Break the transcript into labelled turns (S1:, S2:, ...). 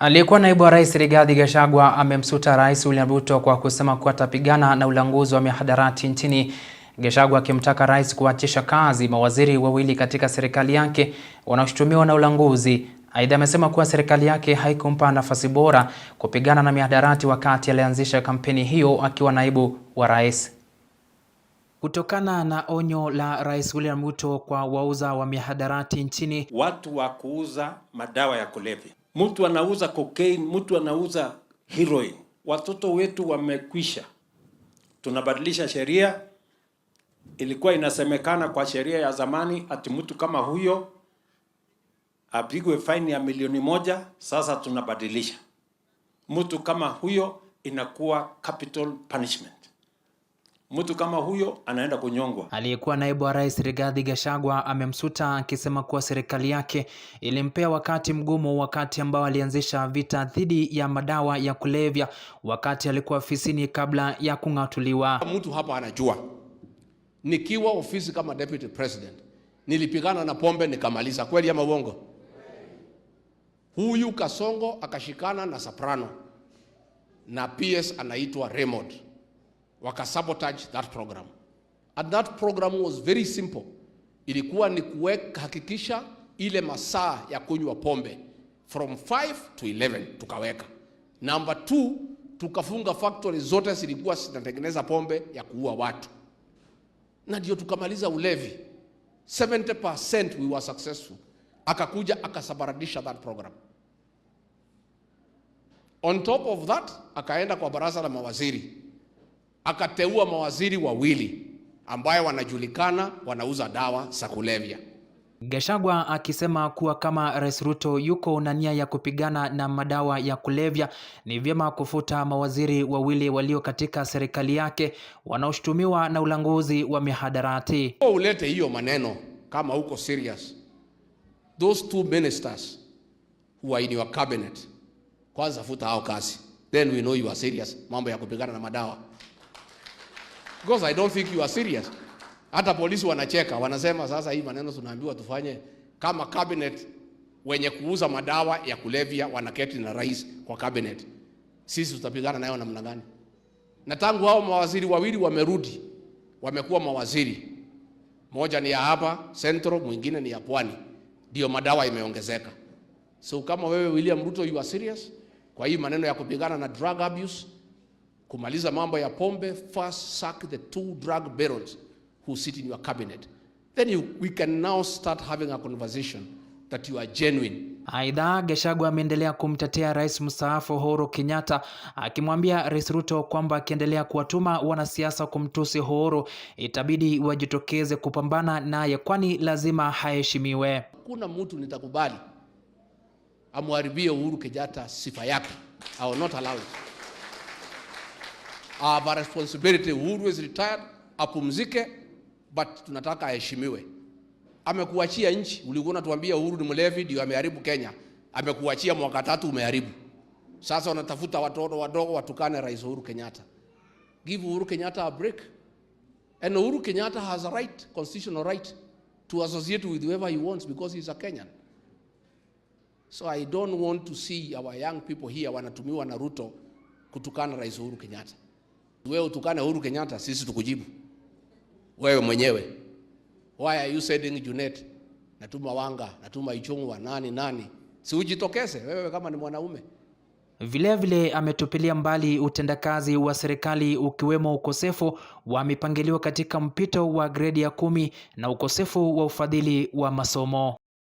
S1: Aliyekuwa naibu wa rais Rigathi Gachagua amemsuta rais William Ruto kwa kusema kuwa atapigana na ulanguzi wa mihadarati nchini. Gachagua akimtaka rais kuachisha kazi mawaziri wawili katika serikali yake wanaoshutumiwa na ulanguzi. Aidha, amesema kuwa serikali yake haikumpa nafasi bora kupigana na mihadarati wakati alianzisha kampeni hiyo akiwa naibu wa rais. Kutokana na onyo la Rais William Ruto kwa wauza wa mihadarati nchini,
S2: watu wa kuuza madawa ya kulevya mtu anauza cocaine, mtu anauza heroin. Watoto wetu wamekwisha. Tunabadilisha sheria. Ilikuwa inasemekana kwa sheria ya zamani ati mtu kama huyo apigwe faini ya milioni moja. Sasa tunabadilisha, mtu kama huyo inakuwa capital punishment mtu kama huyo anaenda kunyongwa.
S1: Aliyekuwa naibu wa rais Rigathi Gachagua amemsuta akisema kuwa serikali yake ilimpea wakati mgumu wakati ambao alianzisha vita dhidi ya madawa ya kulevya wakati alikuwa ofisini kabla ya kung'atuliwa.
S2: Mtu hapa anajua, nikiwa ofisi kama deputy president nilipigana na pombe nikamaliza. Kweli ama uongo? Huyu Kasongo akashikana na Soprano na PS anaitwa Raymond waka sabotage that program. And that program was very simple. Ilikuwa ni kuweka hakikisha ile masaa ya kunywa pombe from 5 to 11 tukaweka. Number two, tukafunga factory zote zilikuwa zinatengeneza pombe ya kuua watu, na ndio tukamaliza ulevi 70%. We were successful. Akakuja akasabaradisha that program. On top of that, akaenda kwa baraza la mawaziri akateua mawaziri wawili ambaye wanajulikana wanauza dawa za kulevya.
S1: Gachagua akisema kuwa kama Rais Ruto yuko na nia ya kupigana na madawa ya kulevya, ni vyema kufuta mawaziri wawili walio katika serikali yake wanaoshutumiwa na ulanguzi wa mihadarati.
S2: Ulete hiyo maneno kama uko serious. Those two ministers who are in your cabinet, kwanza futa hao kazi, then we know you are serious mambo ya kupigana na madawa. Because I don't think you are serious. Hata polisi wanacheka, wanasema sasa hii maneno tunaambiwa tufanye kama cabinet wenye kuuza madawa ya kulevya wanaketi na rais kwa cabinet. Sisi tutapigana nayo namna gani? Na tangu hao mawaziri wawili wamerudi, wamekuwa mawaziri. Moja ni ya hapa Central, mwingine ni ya Pwani. Ndio madawa imeongezeka. So kama wewe William Ruto you are serious kwa hii maneno ya kupigana na drug abuse kumaliza mambo ya pombe, first sack the two drug barons who sit in your cabinet. Then you, we can now start having a conversation that you are genuine.
S1: Aidha, Gachagua ameendelea kumtetea Rais mstaafu Uhuru Kenyatta akimwambia Rais Ruto kwamba akiendelea kuwatuma wanasiasa kumtusi Uhuru itabidi wajitokeze kupambana naye, kwani lazima haheshimiwe.
S2: Hakuna mtu nitakubali amwharibie Uhuru Kenyatta sifa yake. I will not allow it have ah, a responsibility. Uhuru is retired, apumzike, but tunataka aheshimiwe. Amekuachia nchi, ulikuwa unatuambia Uhuru ni mlevi ndio ameharibu Kenya. Amekuachia mwaka tatu umeharibu. Sasa wanatafuta watoto wadogo watukane Rais Uhuru Kenyatta. Give Uhuru Kenyatta a break. And Uhuru Kenyatta has a right, constitutional right to associate with whoever he wants because he's a Kenyan. So I don't want to see our young people here wanatumiwa na Ruto kutukana Rais Uhuru Kenyatta. Wewe utukane Uhuru Kenyatta, sisi tukujibu wewe mwenyewe. Why are you sending Junet? Natuma Wanga, natuma Ichungwa, nani nani? Si ujitokeze wewe kama ni mwanaume.
S1: Vilevile ametupilia mbali utendakazi wa serikali ukiwemo ukosefu wa mipangilio katika mpito wa gredi ya kumi na ukosefu wa ufadhili wa masomo.